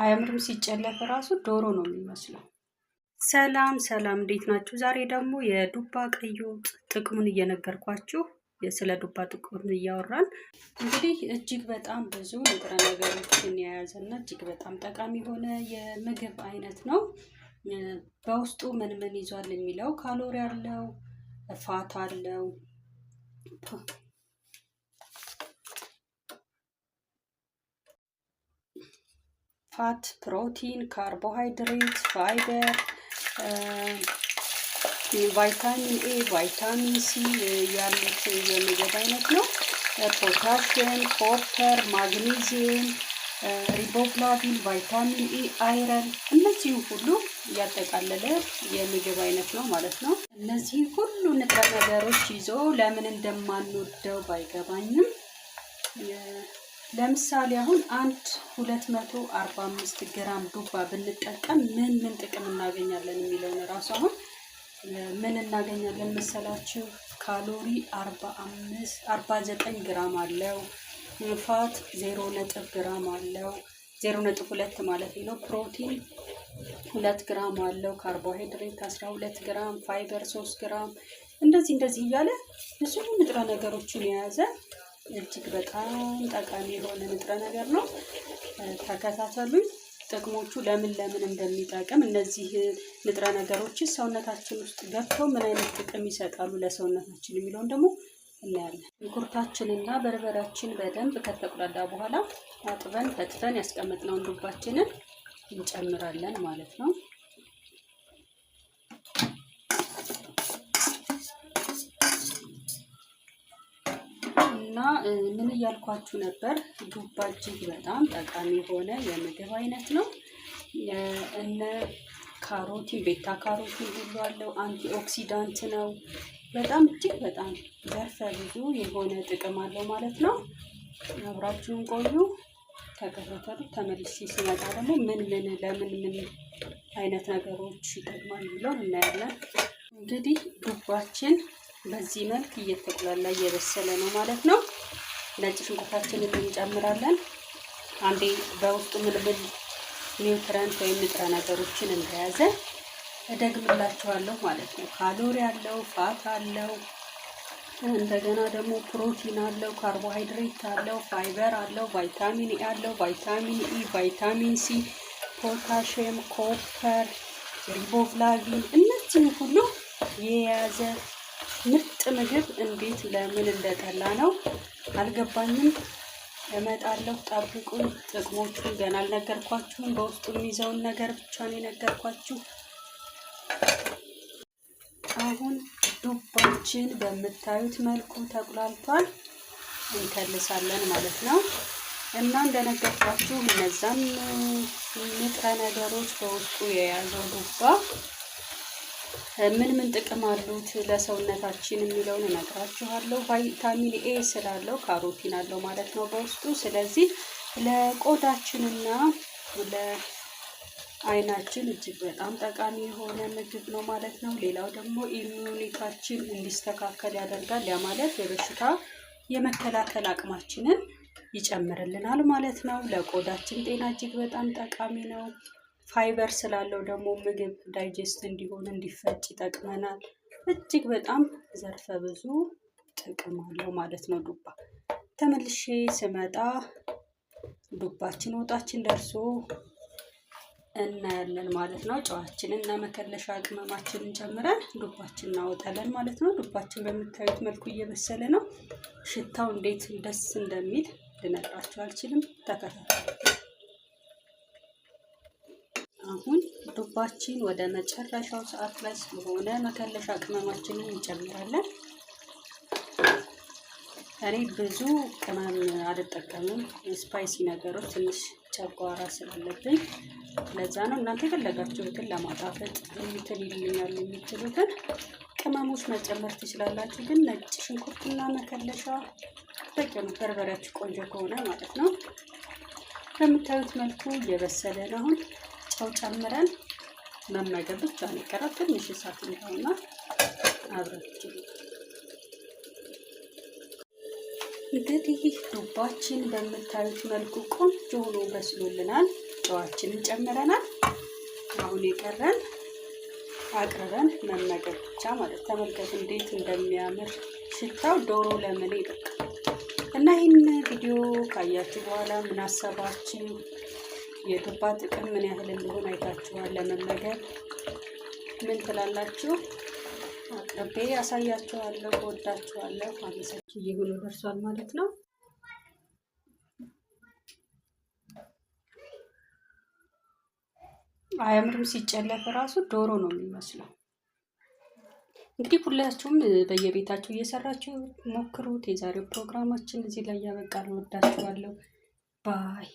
አያምርም። ሲጨለፍ ራሱ ዶሮ ነው የሚመስለው። ሰላም ሰላም፣ እንዴት ናችሁ? ዛሬ ደግሞ የዱባ ቀይ ወጥ ጥቅሙን እየነገርኳችሁ ስለ ዱባ ጥቅሙን እያወራን እንግዲህ እጅግ በጣም ብዙ ንጥረ ነገሮችን የያዘና እጅግ በጣም ጠቃሚ የሆነ የምግብ አይነት ነው። በውስጡ ምን ምን ይዟል የሚለው ካሎሪ አለው፣ ፋት አለው ፋት፣ ፕሮቲን፣ ካርቦሃይድሬት፣ ፋይበር፣ ቫይታሚን ኤ፣ ቫይታሚን ሲ ያሉት የምግብ አይነት ነው። ፖታሽየም፣ ኮፐር፣ ማግኒዚየም ሪቦፍላቪን፣ ቫይታሚን ኤ፣ አይረን እነዚህ ሁሉ እያጠቃለለ የምግብ አይነት ነው ማለት ነው። እነዚህ ሁሉ ንጥረ ነገሮች ይዞ ለምን እንደማንወደው ባይገባኝም ለምሳሌ አሁን አንድ ሁለት መቶ አርባ አምስት ግራም ዱባ ብንጠቀም ምን ምን ጥቅም እናገኛለን የሚለውን እራሱ አሁን ምን እናገኛለን መሰላችሁ? ካሎሪ አርባ አምስት አርባ ዘጠኝ ግራም አለው። ንፋት ዜሮ ነጥብ ግራም አለው ዜሮ ነጥብ ሁለት ማለት ነው። ፕሮቲን ሁለት ግራም አለው። ካርቦሃይድሬት አስራ ሁለት ግራም፣ ፋይበር ሶስት ግራም እንደዚህ እንደዚህ እያለ ብዙ ንጥረ ነገሮችን የያዘ እጅግ በጣም ጠቃሚ የሆነ ንጥረ ነገር ነው። ተከታተሉኝ። ጥቅሞቹ ለምን ለምን እንደሚጠቅም እነዚህ ንጥረ ነገሮች ሰውነታችን ውስጥ ገብተው ምን አይነት ጥቅም ይሰጣሉ ለሰውነታችን የሚለውን ደግሞ እናያለን። ሽንኩርታችንና በርበሬያችን በደንብ ከተቁላላ በኋላ አጥበን ፈጥፈን ያስቀመጥነውን ዱባችንን እንጨምራለን ማለት ነው። እና ምን እያልኳችሁ ነበር? ዱባ እጅግ በጣም ጠቃሚ የሆነ የምግብ አይነት ነው። እነ ካሮቲን፣ ቤታ ካሮቲን ሁሉ አለው። አንቲ ኦክሲዳንት ነው። በጣም እጅግ በጣም ዘርፈ ብዙ የሆነ ጥቅም አለው ማለት ነው። አብራችሁን ቆዩ ተከታተሉ። ተመልሼ ሲመጣ ደግሞ ምን ምን ለምን ምን አይነት ነገሮች ይጠቅማል ብለው እናያለን። እንግዲህ ዱባችን በዚህ መልክ እየተቁላላ እየበሰለ ነው ማለት ነው። ነጭ ሽንኩርታችንን እንጨምራለን። አንዴ በውስጡ ምልምል ኒውትረንት ወይም ንጥረ ነገሮችን እንደያዘ እደግምላቸዋለሁ ማለት ነው። ካሎሪ አለው፣ ፋት አለው፣ እንደገና ደግሞ ፕሮቲን አለው፣ ካርቦሃይድሬት አለው፣ ፋይበር አለው፣ ቫይታሚን ኤ አለው፣ ቫይታሚን ኢ፣ ቫይታሚን ሲ፣ ፖታሽየም፣ ኮፐር፣ ሪቦፍላቪን እነዚህም ሁሉ የያዘ ምርጥ ምግብ እንዴት ለምን እንደጠላ ነው አልገባኝም። እመጣለሁ፣ ጠብቁኝ። ጥቅሞቹን ገና አልነገርኳችሁም። በውስጡ የሚይዘውን ነገር ብቻ ነው የነገርኳችሁ። አሁን ዱባችን በምታዩት መልኩ ተቁላልቷል። እንከልሳለን ማለት ነው እና እንደነገርኳችሁ እነዛም ንጥረ ነገሮች በውስጡ የያዘው ዱባ ምን ምን ጥቅም አሉት ለሰውነታችን የሚለውን እነግራችኋለሁ። ቫይታሚን ኤ ስላለው ካሮቲን አለው ማለት ነው በውስጡ። ስለዚህ ለቆዳችንና ለአይናችን እጅግ በጣም ጠቃሚ የሆነ ምግብ ነው ማለት ነው። ሌላው ደግሞ ኢሚዩኒታችን እንዲስተካከል ያደርጋል። ያ ማለት የበሽታ የመከላከል አቅማችንን ይጨምርልናል ማለት ነው። ለቆዳችን ጤና እጅግ በጣም ጠቃሚ ነው። ፋይበር ስላለው ደግሞ ምግብ ዳይጀስት እንዲሆን እንዲፈጭ ይጠቅመናል። እጅግ በጣም ዘርፈ ብዙ ጥቅም አለው ማለት ነው ዱባ። ተመልሼ ስመጣ ዱባችን ወጣችን ደርሶ እናያለን ማለት ነው። ጨዋችን እና መከለሻ ቅመማችንን ጨምረን ዱባችን እናወጣለን ማለት ነው። ዱባችን በምታዩት መልኩ እየበሰለ ነው። ሽታው እንዴት ደስ እንደሚል ልነግራችሁ አልችልም። ተከታተሉ። አሁን ዱባችን ወደ መጨረሻው ሰዓት ላይ ስለሆነ መከለሻ ቅመማችንን እንጨምራለን። እኔ ብዙ ቅመም አልጠቀምም፣ ስፓይሲ ነገሮች ትንሽ ጨጓራ ስላለብኝ ለዛ ነው። እናንተ የፈለጋችሁትን ለማጣፈጥ እንትን ይልኛል የሚችሉትን ቅመሞች መጨመር ትችላላችሁ። ግን ነጭ ሽንኩርትና መከለሻ በቂ ነው፣ በርበሬያችሁ ቆንጆ ከሆነ ማለት ነው። በምታዩት መልኩ እየበሰለ ነው አሁን ሰው ጨምረን መመገብ ብቻ ነው የቀረው። ትንሽ እሳት እንደሆነ አብረን እንግዲህ ዱባችን በምታዩት መልኩ ቆንጆ ሆኖ በስሎልናል። ጨዋችንን ጨምረናል። አሁን የቀረን አቅርበን መመገብ ብቻ ማለት ተመልከቱ፣ እንዴት እንደሚያምር ሽታው ዶሮ ለምን በቃ እና ይህን ቪዲዮ ካያችሁ በኋላ ምን አሰባችሁ? የዱባ ጥቅም ምን ያህል እንደሆነ አይታችኋል። ለመመገብ ምን ትላላችሁ? አቅርቤ ያሳያችኋለሁ። ወዳችኋለሁ። አመሳችሁ እየሆነ ደርሷል ማለት ነው። አያምርም? ሲጨለፍ እራሱ ዶሮ ነው የሚመስለው። እንግዲህ ሁላችሁም በየቤታችሁ እየሰራችሁ ሞክሩት። የዛሬው ፕሮግራማችን እዚህ ላይ ያበቃል። ወዳችኋለሁ። ባይ